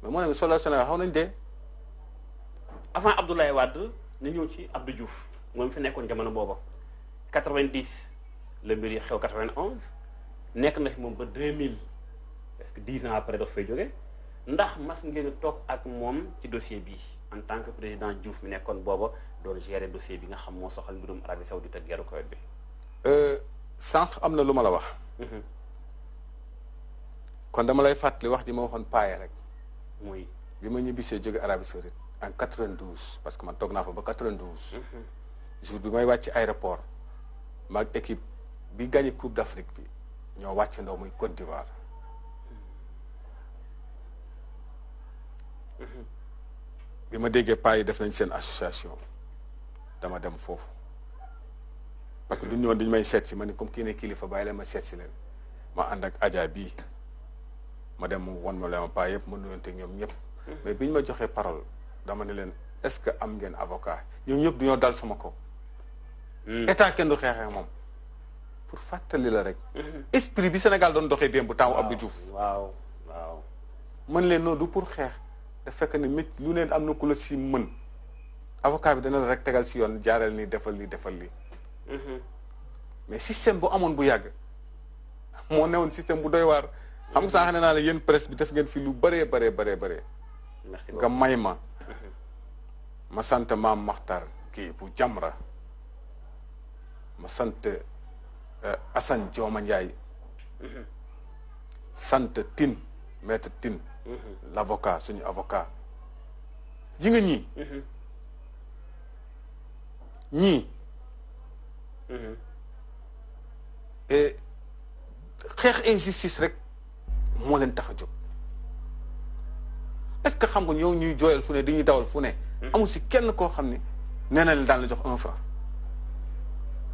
mais moi, je suis là, je suis là, je Avant Abdoulaye Wad, nous sommes ici, Abdou Diouf moom fi nekkoon jamono booba 90 le mbir yi xew 91 nekk na fi moom ba 2000 parce que 10 ans après daf fay jóge ndax mas ngeen toog ak moom ci dossier bi en tant que président Diouf mi nekkoon bobo doon géré dossier bi nga xam moo soxal mbirum Arabie Saoudite ak geru Koweït bi. Euh, sànq am na lu ma la wax. Mhm. kon dama lay fàttali wax ji ma waxoon paaye rek. muy bi ma ñibbisee jóge Arabie Saoudite en 92 parce que man toog naa fa ba 92. jour bi may wàcc aéroport maag équipe bi gagné coupe d'Afrique bi ñoo wàcc ndaw muy Côte d'Ivoire mm-hmm. bi ma déggee paa yi def nañ seen association dama dem foofu parce que mm-hmm. duñ ñëwoon duñ may seet si ma ne comme kii ne kilifa bàyyi leen ma seet si leen ma ànd ak Adja bii ma dem mu won ma leen ma paa yëpp ma nuyonte ñoom ñëpp mm-hmm. mais ñu ma joxee parole dama ne leen est-ce que am ngeen avocat ñoom ñëpp ñoo dal sama ko Mmh. état kenn du xeexee moom pour fàttali la rek mmh. esprit bi Sénégal doon doxee démb temps Abdou Diouf waaw waaw mën leen noonu du pour xeex da fekk ni mit lu neen am na ku la si mën avocat bi dana la rek tegal si yoon jaaral nii defal lii defal lii mmh. mais système bu amoon bu yàgg moo newoon système bu doy waar xam nga sànq ne naa la yéen presse bi def ngeen fi lu bëree bëree bëree bëree nga may ma ma sant maam Maxtar kii bu Jamra ma sant eh, Assane Dioma Ndiaye mhm. sant tin maître Tine mhm. l' suñu avocat ji nga ñii mhm. ñii et eh, xeex injustice rek moo leen tax a jóg est-ce que xam nga ñoo ñuy jooyal fu ne dañuy dawal fu ne amul si kenn koo xam ne nee na leen daan la jox un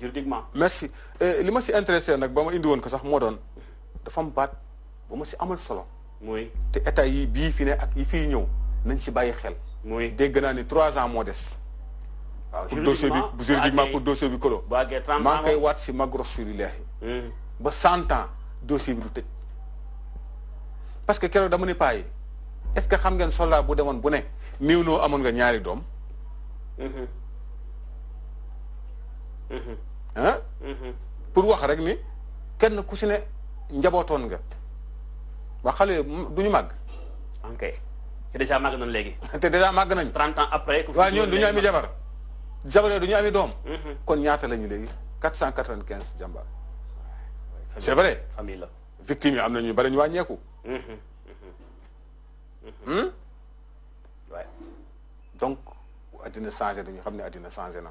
juridiquement merci li ma si intéressé nag ba indi woon ko sax moo doon dafa am bu ma si amal solo. moy te état yi fi ne ak yi nañ xel. dégg ni ans pour dossier bi juridiquement pour dossier bi kolo. maa koy waat si magros surillahi hmm. ba cent ans dossier bi du tëj. parce que keroog dama ne paa est ce que xam ngeen soldat bu demoon bu ne néew noo nga ñaari Mm-hmm. pour wax rek ni kenn ku si ne njabootoon nga wax xale yooyu du ñu màgg. ok te dèjà màgg nañ léegi. te dèjà màgg nañ. 30 après. waaw ñoon du ñu ami jabar. jabar yooyu du ñu ami doom. Mm-hmm. kon ñaata lañu léegi 495 jàmbaar. c'est vrai famille la. victime yi am na ñu bari ñu wàññeeku. Mm-hmm. Hmm? donc addina changé dañu xam ne addina changé na.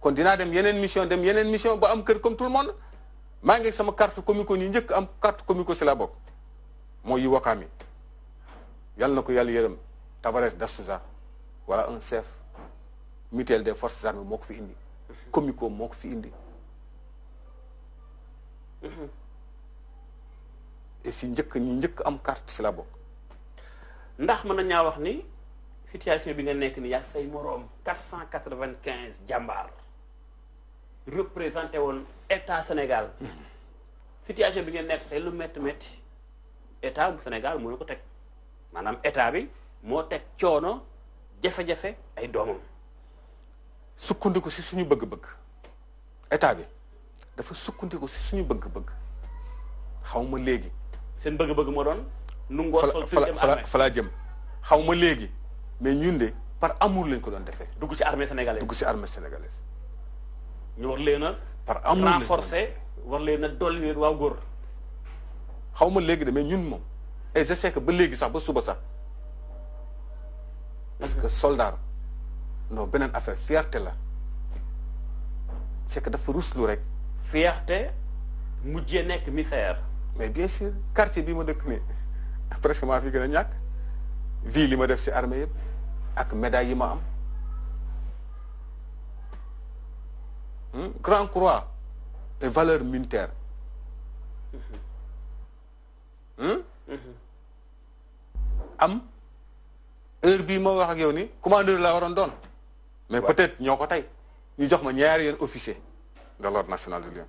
kon dinaa dem yeneen mission dem yeneen mission ba am kër comme tout le monde maa ngi sama carte comico ñu njëkk am carte comico si la bokk mooy yi wakaam yi na ko yàlla yërëm Tavares D'Assouza voilà un chef mutuel des forces armées moo ko fi indi mhm. comico moo ko fi indi mhm. et si njëkk ñu njëkk am carte si la bokk ndax mën na ñaa wax ni situation bi nga nekk ni yaa say moroom cent quatre-vingt-quinze jàmbaar représenté woon état Sénégal situation bi ngeen nekk tey lu métti métti état bu Sénégal moo ko teg maanaam état bi moo teg coono jafe-jafe ay doomam. sukkandiku si suñu bëgg-bëgg état bi dafa sukkandiku si suñu bëgg-bëgg xaw ma léegi. seen bëgg-bëgg moo doon. nu ngoo sol fa laa jëm xaw ma léegi mais ñun de par amul lañ ko doon defee. dugg ci armée sénégalaise dugg ci armée sénégalaise. ñu war leen a. par am renforcer war leen a dolli waaw góor. xaw ma léegi de mais ñun moom et je sais ba léegi sax ba suba sax parce que soldat non beneen affaire fierté la c'est que dafa ruslu rek. fierté mujjee nekk mi misère. mais bien sûr quartier bi ma dëkk ne presque maa fi gën a ñàkk vie li ma def si armée yëpp ak médaille yi ma am. Hmm? Grand Croix et valeur militaire. Hein? am heure bi ma wax ak commandeur la mais peut-être ñoo ko tey ñu jox ma avons un officier de l'ordre national du Lyon.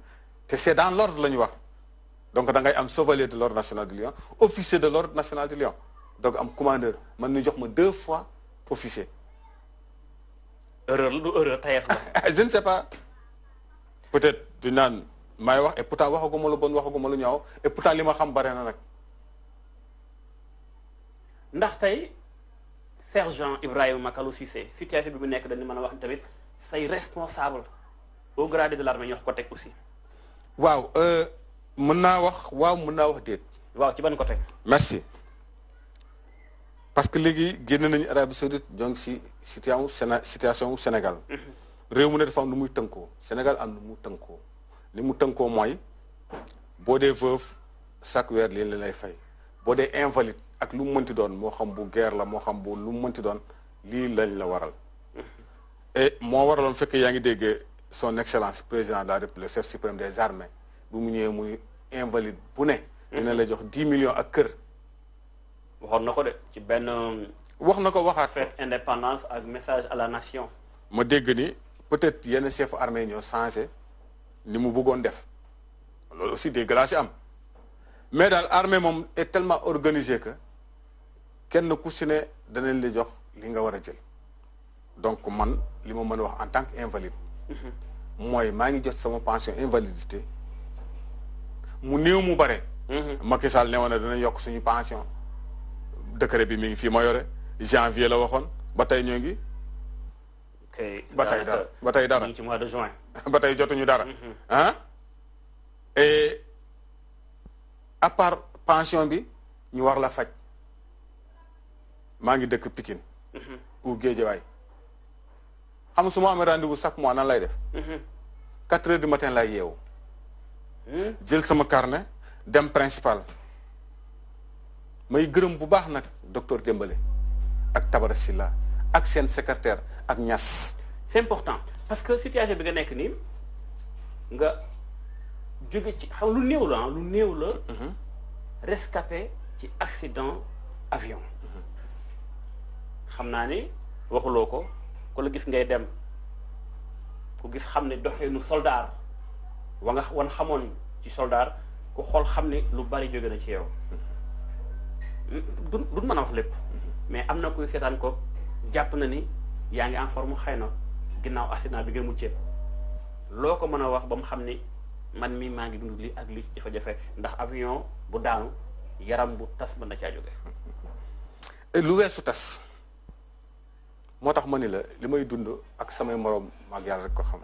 c'est dans l'ordre de wax donc da ngay am chevalier de l'ordre national du lion officier de l'ordre national du Lyon. donc un commandeur man ñu jox deux fois officier. erreur je ne sais pas. peut-être di naan maay wax et pourtant waxaguma lu bon waxaguma lu ñaaw et pourtant lima xam bare na nak ndax tay sergent ibrahim Makalu Cissé situation bi mu nekk dañu mëna wax tamit say responsable au grade de l'armée ñox ko tek aussi waaw euh, mën naa wax waaw mën naa wax déet waaw ci ban côté merci parce que léegi génn nañu Arabie Saoudite donc si situation Sénégal mhm. réunir mu ne dafa am muy Sénégal am lu mu les li mu tënkoo mooy boo dee veuve chaque weer lii la lay fay invalide ak lu mu mënti doon mo xam bu guerre la mo xam bu lu mu mënti doon li lañ la waral et mo waraloon fekk y'a ngi déggee son excellence président de la république chef suprême des armées bu mu ñëwee muy invalide bu né dina la jox 10 millions ak kër waxon nako dé ci ben wax indépendance ak message à la nation ma dégg ni peut-être yenn chef armée ñoo changé li mu bëggoon def aussi des glaces am mais daal armée est tellement organisée que kenn ku si ne danañ la jox li nga war jël donc man li ma wax en tant qu'invalide mhm. moi, ma ngi jot sama pension invalidité mu néew mu bare. Mhm. Macky Sall ne woon na suñu pension décret bi mi ngi fii ma yore janvier la waxoon ba tey ñoo ngi kay ba tey dara ba tey dara ci mois de juin ba jotuñu dara ah et à part pension bi ñu war la faj maa ngi dëkk Pikine mm-hmm. ou xam rendez-vous chaque mois nan lay def mm-hmm. hmm? sama carnet dem principal may gërëm bu baax nag docteur Dembélé ak ak sen secrétaire ak ñas c'est important parce que situation bi nga nekk ni nga jóge ci xam lu néew la ah lu néew la mhm. rescapé ci accident avion xam naa ni waxuloo ko ku la gis ngay dem ko gis xam ne nu soldat wa nga won xamone ci soldat ko xol xam lu bari jóge na ci yow mhm. du du mën wax lepp mhm. mais amna na sétane ko japp na ni yaa ngi en forme xëy na ginnaaw accident bi nga muccee loo ko mën a wax ba mu xam ni man mii maa ngi dund li ak li ci jafe-jafe ndax avion bu daanu yaram bu tas mën na caa jóge lu weesu tas moo tax ma ni la li may dund ak samay morom ak yàlla rek ko xam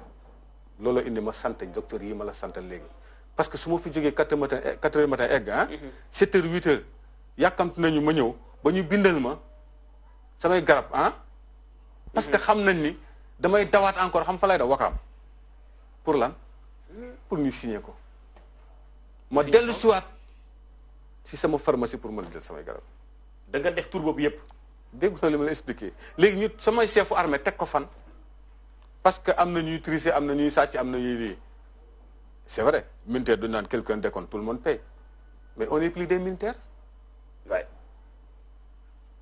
loolu indi ma sante docteur yi ma la sant léegi parce que su ma fi jógee quatre matin quatre heures matin egg ah mm-hmm. sept heures huit heures yàkkamti nañu ma ñëw ba ñu bindal ma samay garab hein? parce que mm-hmm. xam nañ ni damay dawaat encore xam fa lay daw Wakam. pour lan mm-hmm. pour nous signer ko. dès le soir, si sama pharmacie pour me a jël samay garab. da nga def tur boobu yëpp. dégg na li ma la expliqué léegi ñu samay chefu armée fan parce que amener na ñuy tricher am na ñuy sàcc am ñuy vrai militaire donne quelqu'un quelqu'un comptes, tout le monde paye mais on est plus des militaires. Ouais.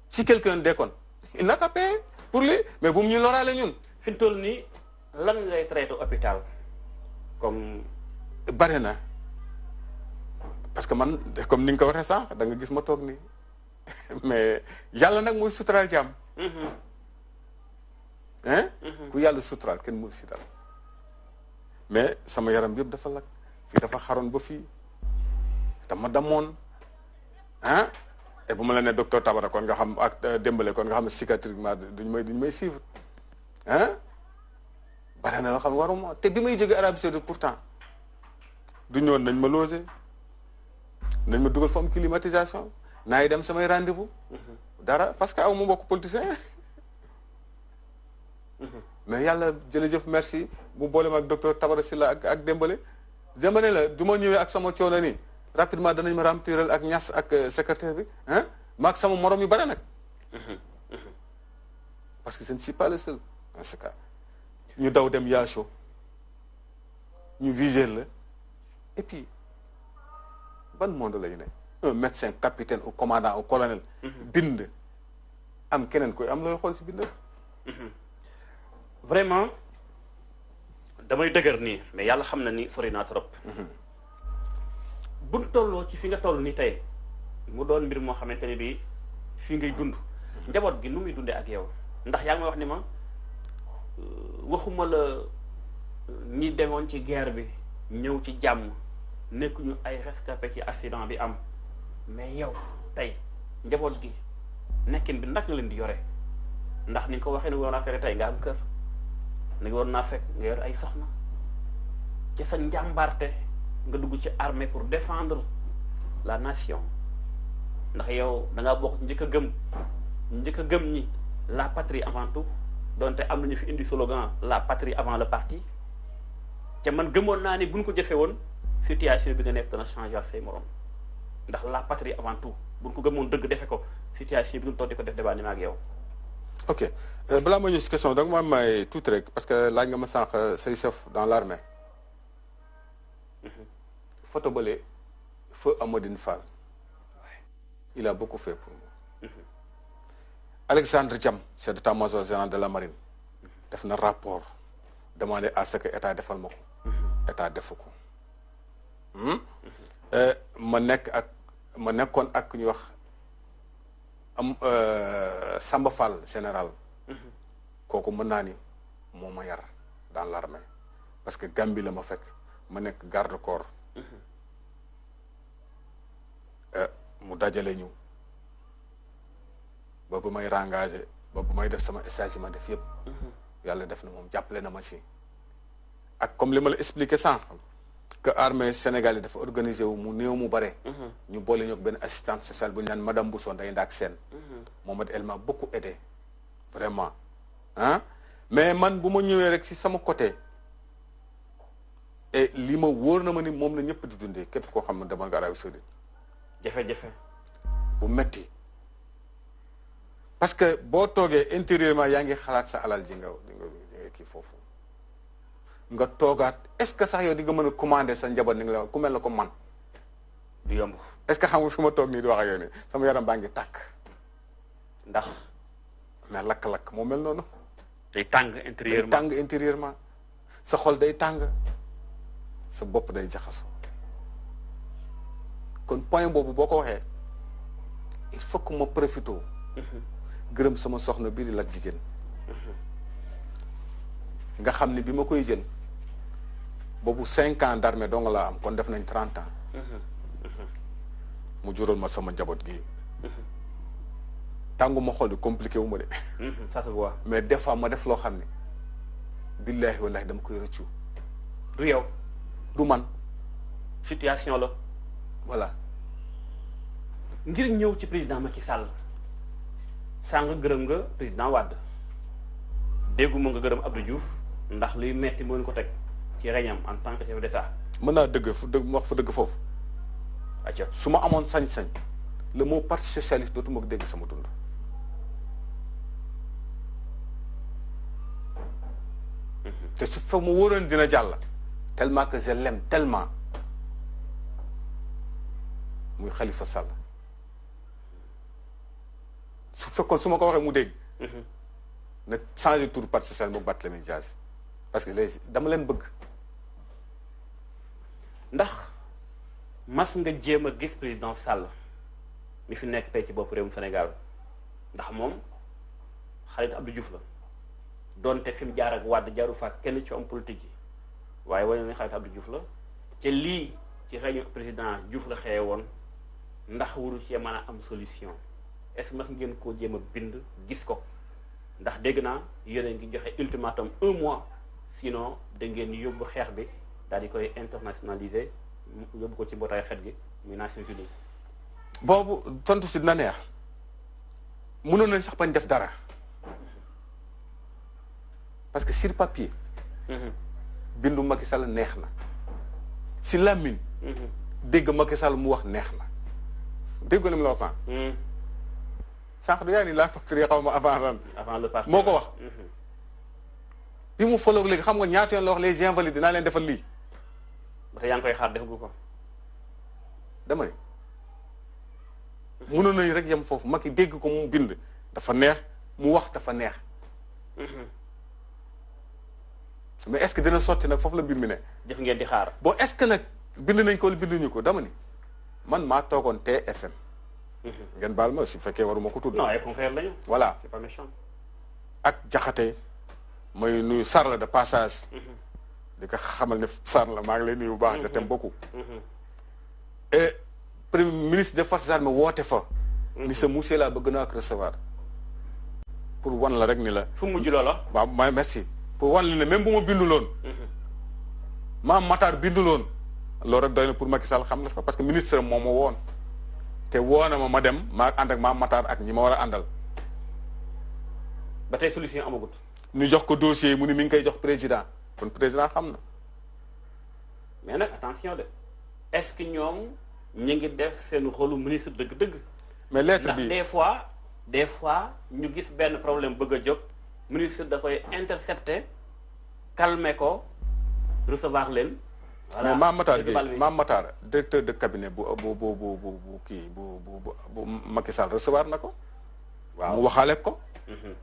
si quelqu'un déconne, il n'a qu'à pour lui mais bu mu ñu loraale ñun. fi mu nii lan lay traité hôpital comme. bare na parce que man comme ni nga ko waxee sànq da gis ma toog nii mais yàlla nag mooy suturaal jàmm. Mhm. hein mhm. ku yàlla suturaal kenn mënu si dal mais sama yaram yëpp dafa lakk fii dafa xaroon ba fii dama damoon ah. et bu ma la ne docteur Tabara kon nga xam ak euh, Dembélé kon nga xam ne psychiatriquement duñ may duñ may suivre ah bare na xam waruma te bi may jógee Arabie Saoudite pourtant du ñëwoon nañ ma loger nañ ma dugal fa am climatisation naay dem samay rendez-vous dara parce que aw mu mbokk politicien mais yàlla jërëjëf merci bu boole ma ak docteur Tabara Sylla ak ak Dembélé Dembélé la du ma ñëwee ak sama coono nii rapidement danañ ma rempliral ak ñas ak euh, secrétaire bi ah sama moroom yu bare nag. parce que je ne suis pas le en ce cas ñu daw dem yaasho ñu viger la et puis ban monde la ne un médecin capitaine ou commandant ou colonel. Mhm. bind am keneen koy am looy xool si bind. Mhm. vraiment damay dëgër nii mais yàlla xam na ni sori naa trop. Mhm. bu ñu tolloo ci fi nga toll ni tey mu doon mbir moo xamante ne bii fii ngay dund njaboot gi nu muy dundee ak yow ndax yaa ngi wax ni ma euh, waxuma la euh, ñi demoon ci guerre bi ñëw ci jàmm nekkuñu ay rescapé ci accident bi am mais yow tey njaboot gi nekkin bi naka leen di yore ndax ni nga ko waxee ni war naa fekk tey nga am kër ni nga war naa ay soxna ci sa njàmbaarte nga dugg ci armée pour défendre la nation ndax yow da nga bokk njëkk a gëm njëkk a gëm ñi la patrie avant tout donte am nañu fi indi slogan la patrie avant le parti te man gëmoon naa ni buñ ko jëfé woon situation bi nga nekk dana changer say morom ndax la patrie avant tout buñ ko gëmoon dëgg defe ko situation bi ñu tonté ko def débat ni ma ak yow ok euh, balaa ma ñu ci question donc ma may tout rek parce que laaj nga ma sànq euh, say chef dans l'armée photo bële feu Amadine Fall il a beaucoup fait pour nous. Mhm. Alexandre Thiam c'est de major général de la marine. def rapport demandé à ce que état defal ma ko. Mhm. état defu ko. Hmm? Mhm. Euh, ma nekk ak ma nekkoon ak euh, Samba Fall général. kooku mën mon meilleur dans l'armée parce que Gambie le ma fait. ma nek garde corps. Eh, mu dajale ñu ba bu may rengagé ba may def sama stage ma def yëpp mm-hmm. yàlla def na moom jàppale na ma ak comme li ma la que armée sénégalaise dafa organisé wu mu néew mu bare mm-hmm. ñu boole ñoo ben assistante sociale bu ñu madame Bousso Ndeye ndak sen mm-hmm. momad elma beaucoup aidé vraiment hein mais man buma ma rek ci sama côté et lima ma na ma ni mom la ñëpp di dundé képp ko xam ne demal nga Arabie Saoudite jafe-jafe bu metti parce que boo toogee intérieurement yaa ngi xalaat sa alal ji nga di nga kii foofu nga toogaat est-ce que sax yow di ga mën a commander sa njaboot ni nga la ku mel na ko man du yomb est-ce que xam nga fi ma toog nii di wax ak yow nii sama yaram baa ngi tàkk ndax mais lakk-lakk moo mel noonu day tàng intérieurement day tàng intérieurement sa xol day tàng sa bopp day jaxasoo kon point boobu boo ko waxee il faut que ma profité. gërëm sama soxna bii di la jigéen. nga xam ne bi ma koy jël boobu cinq ans d'armée dong laa am kon def nañ trente ans. mu jural ma sama njaboot gi. tàngu ma xol compliqué wu ma de. ça se mais des fois ma def loo xam ne billaahi wallaahi dama koy rëccu. du yow. du man. situation la. voilà ngir ñëw ci président Macky Sall sang gërëm nga président Wad déggu mo nga gërëm Abdou Diouf ndax luy metti moo ko tek ci réñam en tant que chef d'état mëna dëgg fu dëgg wax fa dëgg fofu acca suma amone sañ-sañ le mot parti socialiste dootuma ko dégg sama dund mhm. té su fa mo woron dina jàll tellement que je l'aime tellement muy Khalifa Sall su fekkoon su ma ko waxee mu dégg. Mm-hmm. na changé tour parti social boobu Barthélémy Dias parce que léegi dama leen bëgg. ndax mas nga jéem a gis président Sall mi fi nekk tey ci bopp réewum Sénégal ndax moom xarit Abdou juuf la doonte fi mu jaar ak wàdd jaaru fa kenn ci homme politique yi waaye wane na xarit Abdou la te lii ci réunion président Diouf la xëyee woon. ndax waru cee solution est-ce que ngeen koo bind gis ko ndax dégg joxe ultimatum un mois sinon da ngeen yóbbu xeex di koy internationaliser ci gi Nations si Je neex mënoon nañ sax bañ def dara parce que sur papier. Mhm. bindu na si lamine. Mhm. dégg mu wax dégg na mu la wax sànq. Hmm. sànq dañu daan ni la patrie xaw ma avant avant le parti moo ko wax. Hmm. bi mu foloog léegi xam nga ñaata yoon la wax les invalides dinaa leen defal lii. ba tey yaa ngi koy xaar defagu ko. dama ne. mënoon rek yem foofu Macky dégg ko mu bind dafa neex mu wax dafa neex. Hmm. mais est-ce dina sotti nag foofu la mbir mi ne. def ngeen di xaar. bon est-ce nag bind nañ ko wala ñu ko dama ni. man maa toogoon TFM. Mhm. ngeen baal ma si fekkee waruma ko tudd. non ay confrères lañu. ak jaxate may nuyu sarla la de passage. Mhm. di ko xamal ne Sarr la maa ngi lay nuyu bu baax. je t'aime mhm. beaucoup. et premier ministre des forces armées woote fa. ni sa monsieur la bëgg naa ko recevoir. pour wan la rek ni la. fu mujj loola. waaw ma merci. pour la ne même bu ma binduloon. maam Matar binduloon. loolu rek doy na pour ma Sall xam la fa parce que ministre moom ma woon te woona ma ma dem maa ànd ak maam Matar ak ñi ma war a àndal. ba tey solution amagut. ñu jox ko dossier yi mu ni mi ngi koy jox président kon président xam na. mais nag attention de est-ce que ñoom ñu ngi def seen rôle ministre dëgg-dëgg. mais lettre bi des fois des fois ñu gis benn problème bëgg a jóg ministre da koy intercepter calmer ko recevoir leen. mais Mame Matar Gueye Mame directeur de cabinet bu bu bu bu bu kii bu bu bu Macky Sall recevoir na ko. mu waxaale ko. Mhm.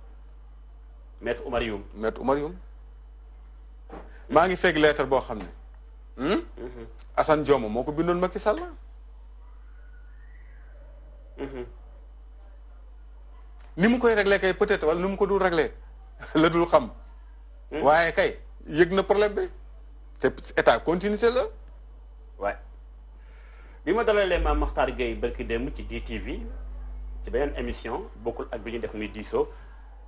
maître Oumar Youm maître Oumar Youm maa ngi fekk lettre boo xam ne. Hmm? Mhm. Assane Dioma moo ko bindoon Macky Sall. Mhm. ni mu koy réglé kay peut-être wala ni mu ko dul réglé la dul xam. Hmm. waaye kay yëg na problème bi. c'est état continuité la. waay bi ma dalalee maam Makhtar Gueye barki démb ci DTV ci beneen émission bokkul ak bi ñu def muy diisoo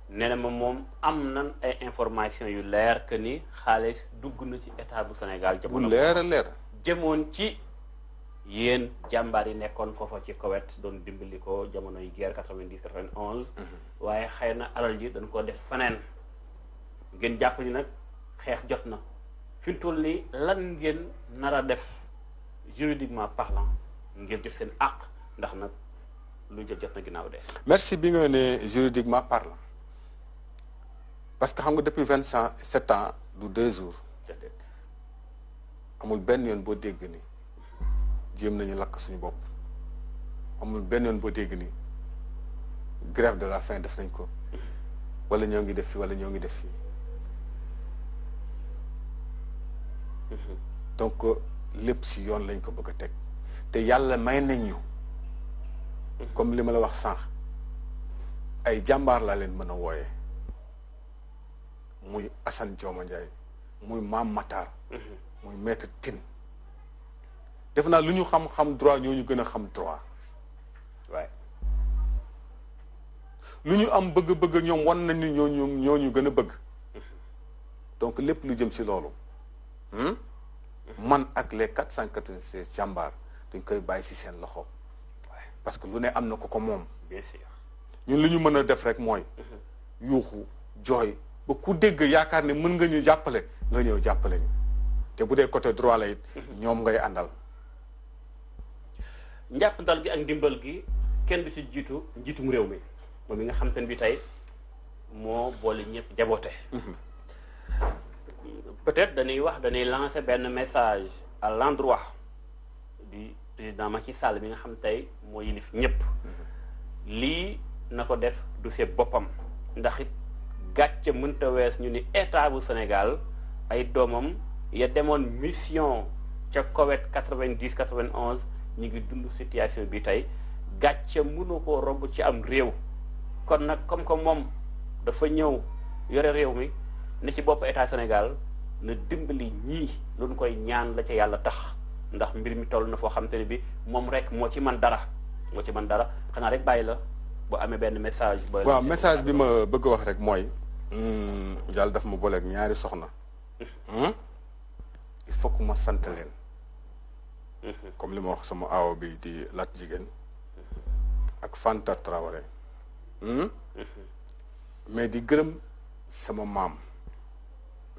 nee na ma moom am nan ay information yu leer que ni xaalis dugg na ci état bu Sénégal. bu leer a leer jëmoon ci. yéen jàmbaar yi nekkoon foofa ci Koweït doon dimbali ko jamono yi guerre 90 91. Mhm. waaye xëy alal ji dañ ko def faneen ngeen jàpp ni nag xeex jot na. fi lan ngeen nar a def juridiquement parlant ngeen jëf seen àq ndax nag lu jëf jot na ginnaaw de. merci bi nga ne juridiquement parlant parce que xam nga depuis vingt cent sept ans du deux jours. amul benn yoon boo dégg ni jéem nañu lakk suñu bopp amul benn yoon boo dégg ni grève de la faim def nañ ko wala ñoo ngi def fi wala ñoo ngi def fi. Mhm. donc euh, lépp si yoon lañ ko bëgg a teg te yàlla may nañ ñu mhm. comme li ma la wax sànq ay jàmbaar laa leen mën a wooye muy Assane Dioma Ndiaye muy Maam Matar mhm. muy Maître Tine def naa lu ñu xam-xam droit ñoo ñu gën a xam droit waaye lu ñu am bëgg-bëgg ñoom nañ nañu ñoo ñu ñoo ñu gën a bëgg donc lépp lu jëm si loolu Hmm? man ak les quatre cent quatre-vingt-seize jàmbaar dañ koy bàyyi si seen loxo. parce que lu ne am na ko ko moom. bien sûr ñun li ñu mën a def rek mooy. Mhm. yuuxu jooy ba ku dégg yaakaar ne mën nga ñu jàppale nga ñëw jàppale ñu te bu dee côté droit la it. Mhm. ñoom ngay àndal. njàpp njàppandal gi ak ndimbal gi kenn du ci jiitu njiitum réew mi moom mi nga xam te bi tey moo boole ñëpp jaboote. Mhm. peut-être dañuy wax dañuy lancer benn message à l'endroit du président Macky Sall bi nga xam tey moo yilif ñëpp lii na ko def du see boppam ndax it gàcce mënta wees ñu ni état bu Sénégal ay doomam ya demoon mission ca Koweït 90 91 ñu ngi dund situation bi tey gàcce mënu ko romb ci am réew kon nag comme que moom dafa ñëw yore réew mi ne ci bopp état Sénégal na dimbali ñii lu ñu koy ñaan la ca yàlla tax ndax mbir mi toll na foo xamante ne bi moom rek moo ci man dara moo ci man dara xanaa rek bàyyi la bu amee benn message. waaw message bi ma bëgg wax rek mooy. Hmm, yàlla daf ma booleeg ñaari soxna. Hmm? il faut que ma sant leen. Hmm. comme li ma wax sama aawo bi di lat jigéen. ak Fanta Traoré. mais di gërëm sama maam.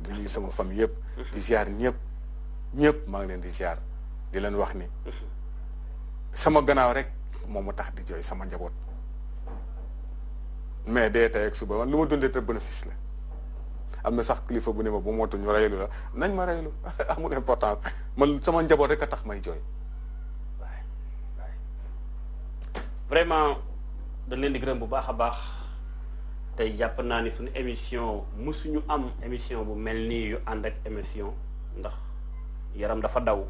di nuyu sama fam yëpp. di ziar ñëpp ñëpp maa ngi leen di ziar di leen wax ni. sama gannaaw rek moom ma tax di jooy sama njaboot mais dee tey ak suba man lu ma dundee te bénéfice la am na sax kilifa bu ne ma bu motu ñu reylu la nañ ma reylu amul importance man sama njaboot rek a tax may jooy. vraiment dañ leen di gërëm bu baax a baax. tey jàpp naa ni suñu émission mu suñu am émission bu mel nii yu ànd ak émission ndax yaram dafa daw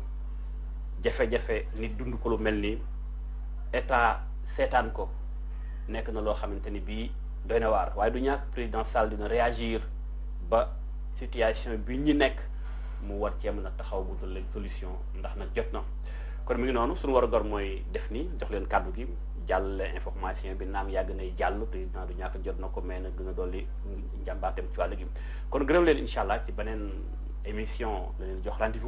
jafe-jafe nit dund ko lu mel nii état seetaan ko nekk na loo xamante ni bii doy na waar waaye du ñàkk président Sall dina réagir ba situation bi ñu nekk mu war cee mën a taxaw bu dul leen solution ndax nag jot na kon mi ngi noonu suñu war a gor mooy def nii jox leen kàddu gi jàll information bi naam yàgg nay jàll président du ñàkk jot na ko mais nag gën a dolli njàmbaatem ci wàll gi kon gërëm leen incha allah ci beneen émission la leen jox rendez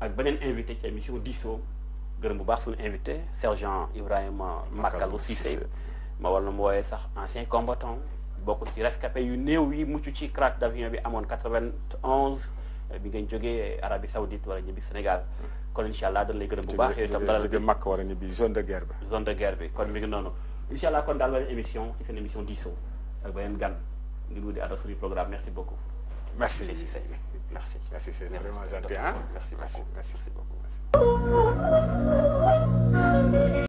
ak beneen invité ci émission diisoo gërëm bu baax suñu invité sergent Ibrahima Makalo Cissé ma war na mu wooyee sax ancien combattant bokk ci rescapé yu néew yi mucc ci crash d' avion bi amoon 91 bi ngeen jógee Arabie Saoudite wala ñibbi Sénégal kon Inch'Allah, bu zone de guerre zone de guerre bi kon mi ngi émission ci programme merci beaucoup. merci merci merci c'est vraiment gentil hein? merci merci merci beaucoup merci.